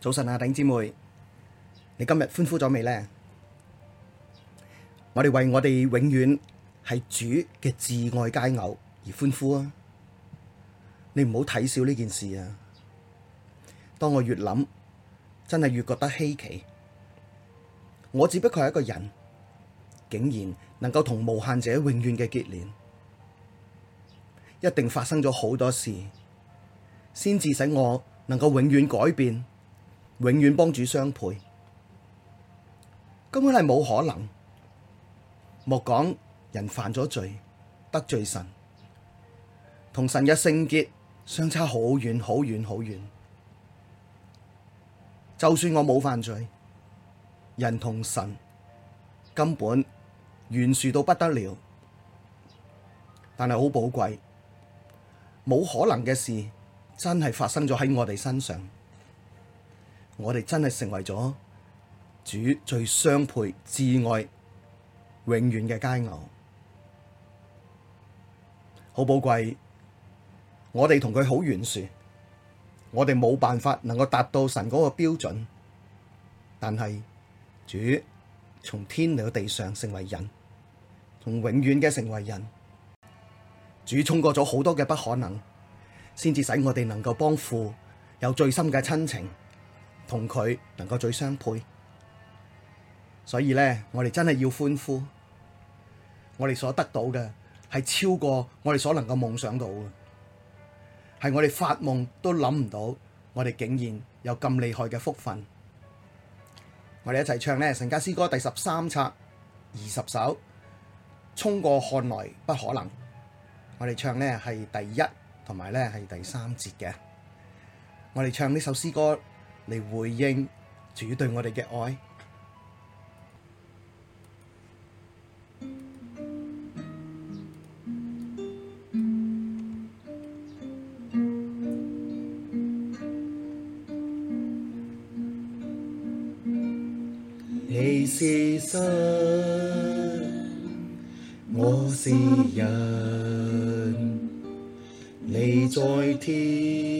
早晨啊，弟兄姊妹，你今日歡呼咗未呢？我哋為我哋永遠係主嘅至愛佳偶而歡呼啊！你唔好睇笑呢件事啊！當我越諗，真係越覺得稀奇。我只不過係一個人，竟然能夠同無限者永遠嘅結連，一定發生咗好多事，先至使我能夠永遠改變。永遠幫主相配，根本係冇可能。莫講人犯咗罪得罪神，同神嘅聖潔相差好遠好遠好遠。就算我冇犯罪，人同神根本懸殊到不得了，但係好寶貴，冇可能嘅事真係發生咗喺我哋身上。我哋真係成為咗主最相配、至愛、永遠嘅佳偶，好寶貴。我哋同佢好懸殊，我哋冇辦法能夠達到神嗰個標準。但係主從天嚟到地上成為人，從永遠嘅成為人，主衝過咗好多嘅不可能，先至使我哋能夠幫富有最深嘅親情。同佢能夠最相配，所以咧，我哋真係要歡呼。我哋所得到嘅係超過我哋所能夠夢想到嘅，係我哋發夢都諗唔到，我哋竟然有咁厲害嘅福分。我哋一齊唱咧，神家詩歌第十三冊二十首，衝過看來不可能。我哋唱呢係第一同埋咧係第三節嘅。我哋唱呢首詩歌。嚟回應主對我哋嘅愛。你是神，我是人，你在天，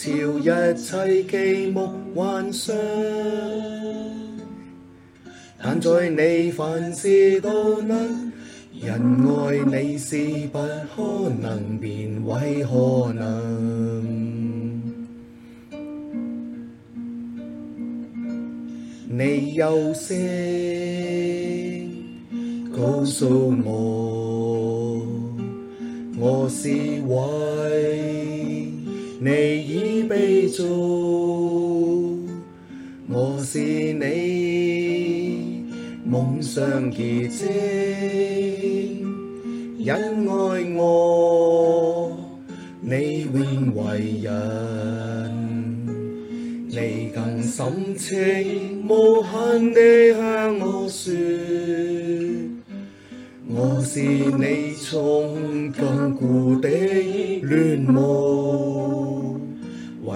朝一切寂寞幻想，但在你凡事都能，人愛你是不可能，變為可能。你有聲告訴我，我是為。你已被造，我是你夢想結晶。因愛我，你永為人。你更深情，無限地向我說，我是你從亙古的戀慕。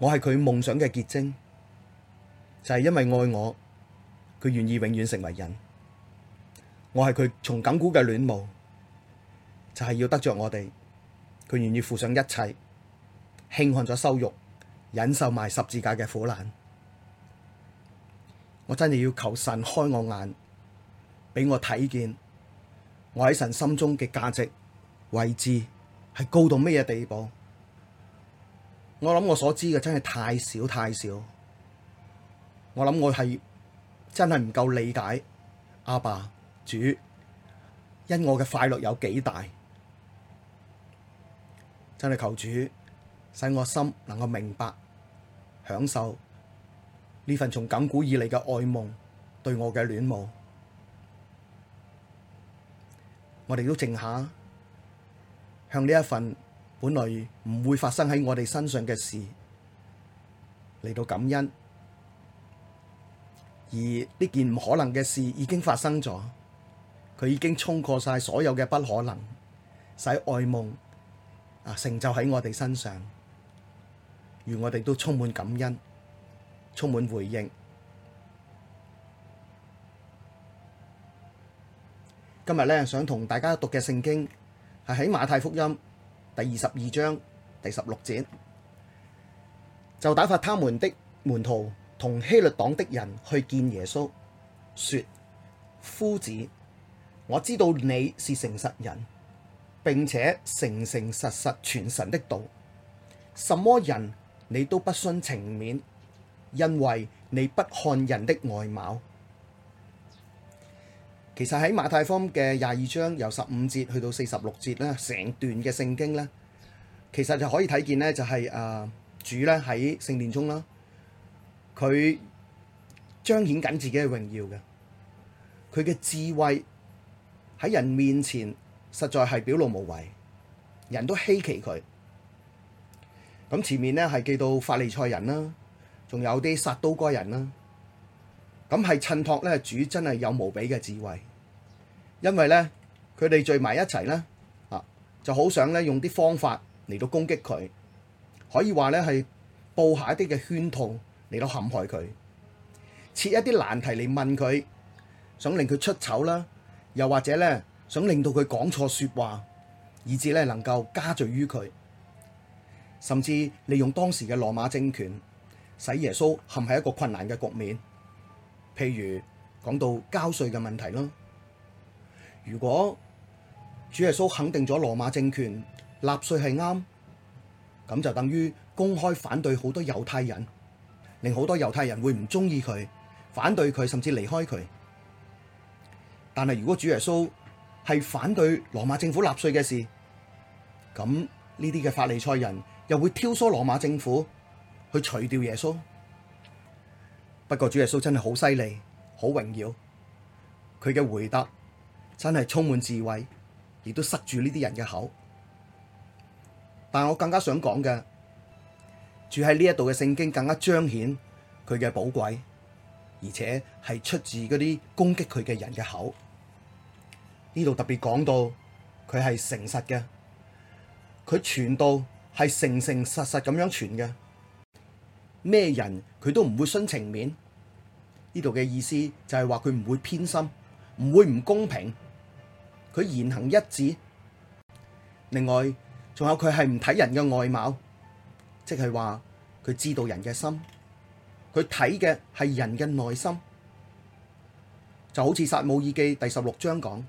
我係佢夢想嘅結晶，就係因為愛我，佢願意永遠成為人。我係佢從緊箍嘅戀慕，就係要得着我哋，佢願意付上一切，輕看咗羞辱，忍受埋十字架嘅苦難。我真係要求神開我眼，俾我睇見我喺神心中嘅價值、位置係高到咩嘢地步。我諗我所知嘅真係太少太少，我諗我係真係唔夠理解阿爸，爸主，因我嘅快樂有幾大，真係求主使我心能夠明白享受呢份從亙古以嚟嘅愛夢對我嘅戀慕，我哋都靜下向呢一份。本嚟唔會發生喺我哋身上嘅事嚟到感恩，而呢件唔可能嘅事已經發生咗，佢已經沖破晒所有嘅不可能，使愛夢啊成就喺我哋身上。願我哋都充滿感恩，充滿回應。今日咧想同大家讀嘅聖經係喺馬太福音，第二十二章第十六節，就打發他們的門徒同希律黨的人去見耶穌，說：夫子，我知道你是誠實人，並且誠誠實實傳神的道，什麼人你都不徇情面，因為你不看人的外貌。其實喺馬太福音嘅廿二章由十五節去到四十六節咧，成段嘅聖經咧，其實就可以睇見咧，就係誒主咧喺聖殿中啦，佢彰顯緊自己嘅榮耀嘅，佢嘅智慧喺人面前實在係表露無遺，人都稀奇佢。咁前面呢，係記到法利賽人啦，仲有啲撒都該人啦，咁係襯托咧主真係有無比嘅智慧。因為咧，佢哋聚埋一齊咧，啊，就好想咧用啲方法嚟到攻擊佢，可以話咧係布下一啲嘅圈套嚟到陷害佢，設一啲難題嚟問佢，想令佢出醜啦，又或者咧想令到佢講錯説話，以至咧能夠加罪於佢，甚至利用當時嘅羅馬政權，使耶穌陷喺一個困難嘅局面，譬如講到交稅嘅問題囉。如果主耶穌肯定咗羅馬政權納稅係啱，咁就等於公開反對好多猶太人，令好多猶太人會唔中意佢，反對佢，甚至離開佢。但係如果主耶穌係反對羅馬政府納稅嘅事，咁呢啲嘅法利賽人又會挑唆羅馬政府去除掉耶穌。不過主耶穌真係好犀利，好榮耀，佢嘅回答。真係充滿智慧，亦都塞住呢啲人嘅口。但我更加想講嘅，住喺呢一度嘅聖經更加彰顯佢嘅寶貴，而且係出自嗰啲攻擊佢嘅人嘅口。呢度特別講到佢係誠實嘅，佢傳道係誠誠實實咁樣傳嘅，咩人佢都唔會徇情面。呢度嘅意思就係話佢唔會偏心，唔會唔公平。佢言行一致，另外仲有佢係唔睇人嘅外貌，即係話佢知道人嘅心，佢睇嘅係人嘅內心，就好似撒母耳記第十六章講，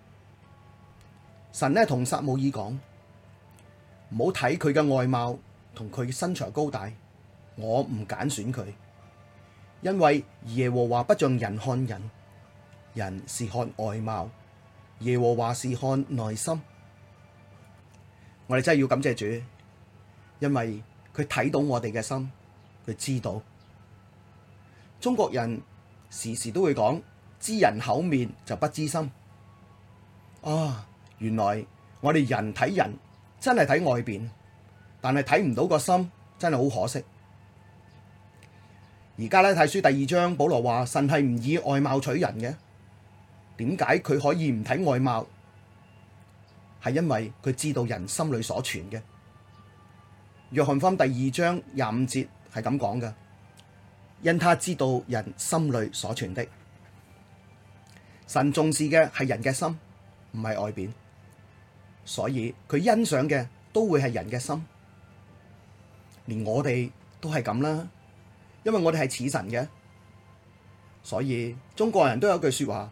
神呢，同撒母耳講，唔好睇佢嘅外貌同佢身材高大，我唔揀選佢，因為耶和華不像人看人，人是看外貌。耶和華是看內心，我哋真係要感謝主，因為佢睇到我哋嘅心，佢知道。中國人時時都會講知人口面就不知心，啊，原來我哋人睇人真係睇外邊，但係睇唔到個心，真係好可惜。而家咧，睇書第二章，保羅話神係唔以外貌取人嘅。點解佢可以唔睇外貌？係因為佢知道人心裏所存嘅。約翰福音第二章廿五節係咁講嘅：，因他知道人心裏所存的。神重視嘅係人嘅心，唔係外邊。所以佢欣賞嘅都會係人嘅心。連我哋都係咁啦，因為我哋係似神嘅。所以中國人都有句說話。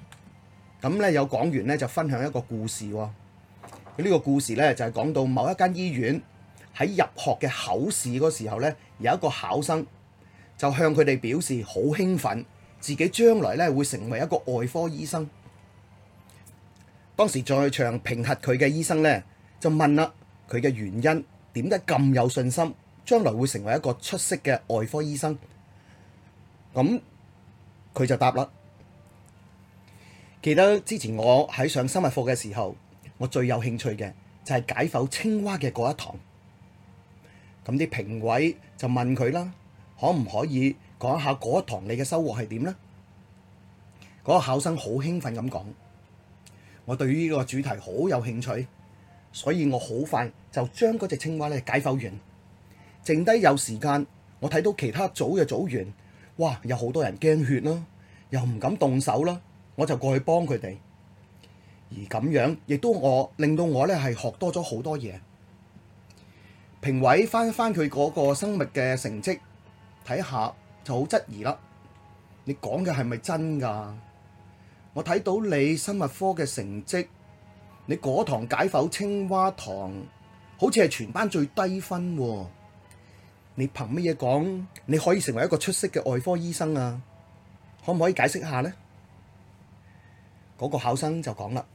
咁咧、嗯、有講完咧，就分享一個故事，哦。呢、呢個故事呢，就係、是、講到某一間醫院喺入學嘅考試嗰時候呢，有一個考生就向佢哋表示好興奮，自己將來呢會成為一個外科醫生。當時在場評核佢嘅醫生呢，就問啦佢嘅原因，點解咁有信心，將來會成為一個出色嘅外科醫生。咁、嗯、佢就答啦。記得之前我喺上生物課嘅時候，我最有興趣嘅就係解剖青蛙嘅嗰一堂。咁啲評委就問佢啦：「可唔可以講下嗰一堂你嘅收穫係點呢？」嗰個考生好興奮咁講：「我對於呢個主題好有興趣，所以我好快就將嗰隻青蛙咧解剖完。剩低有時間，我睇到其他組嘅組員，哇！有好多人驚血啦，又唔敢動手啦。我就過去幫佢哋，而咁樣亦都我令到我咧係學多咗好多嘢。評委翻翻佢嗰個生物嘅成績，睇下就好質疑啦。你講嘅係咪真㗎？我睇到你生物科嘅成績，你嗰堂解剖青蛙堂好似係全班最低分，啊。你憑乜嘢講？你可以成為一個出色嘅外科醫生啊？可唔可以解釋下呢？嗰個考生就講啦，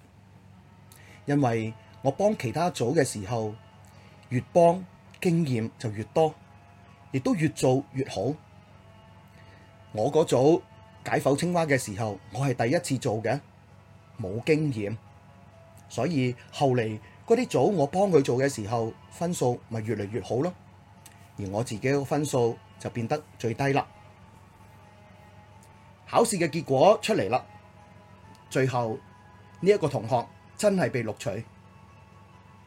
因為我幫其他組嘅時候，越幫經驗就越多，亦都越做越好。我嗰組解剖青蛙嘅時候，我係第一次做嘅，冇經驗，所以後嚟嗰啲組我幫佢做嘅時候，分數咪越嚟越好咯。而我自己嘅分數就變得最低啦。考試嘅結果出嚟啦。最後呢一，這個同學真係被錄取，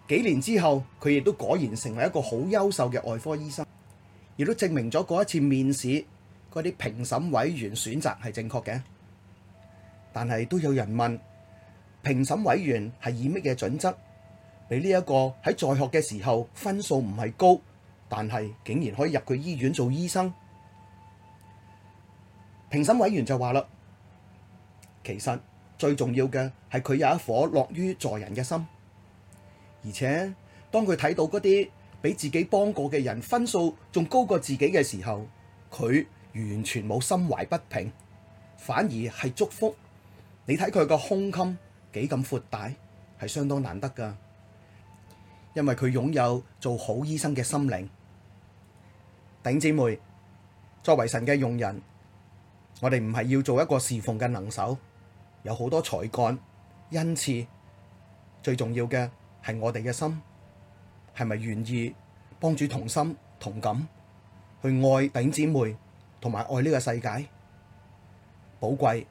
幾年之後佢亦都果然成為一個好優秀嘅外科醫生，亦都證明咗嗰一次面試嗰啲評審委員選擇係正確嘅。但係都有人問評審委員係以乜嘅準則？你呢一個喺在，在學嘅時候分數唔係高，但係竟然可以入去醫院做醫生？評審委員就話啦，其實。最重要嘅係佢有一顆樂於助人嘅心，而且當佢睇到嗰啲俾自己幫過嘅人分數仲高過自己嘅時候，佢完全冇心懷不平，反而係祝福。你睇佢個胸襟幾咁闊大，係相當難得噶，因為佢擁有做好醫生嘅心靈。頂姐妹，作為神嘅用人，我哋唔係要做一個侍奉嘅能手。有好多才幹，恩賜，最重要嘅係我哋嘅心，係咪願意幫助同心同感，去愛弟兄姊妹同埋愛呢個世界？寶貴，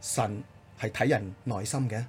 神係睇人內心嘅。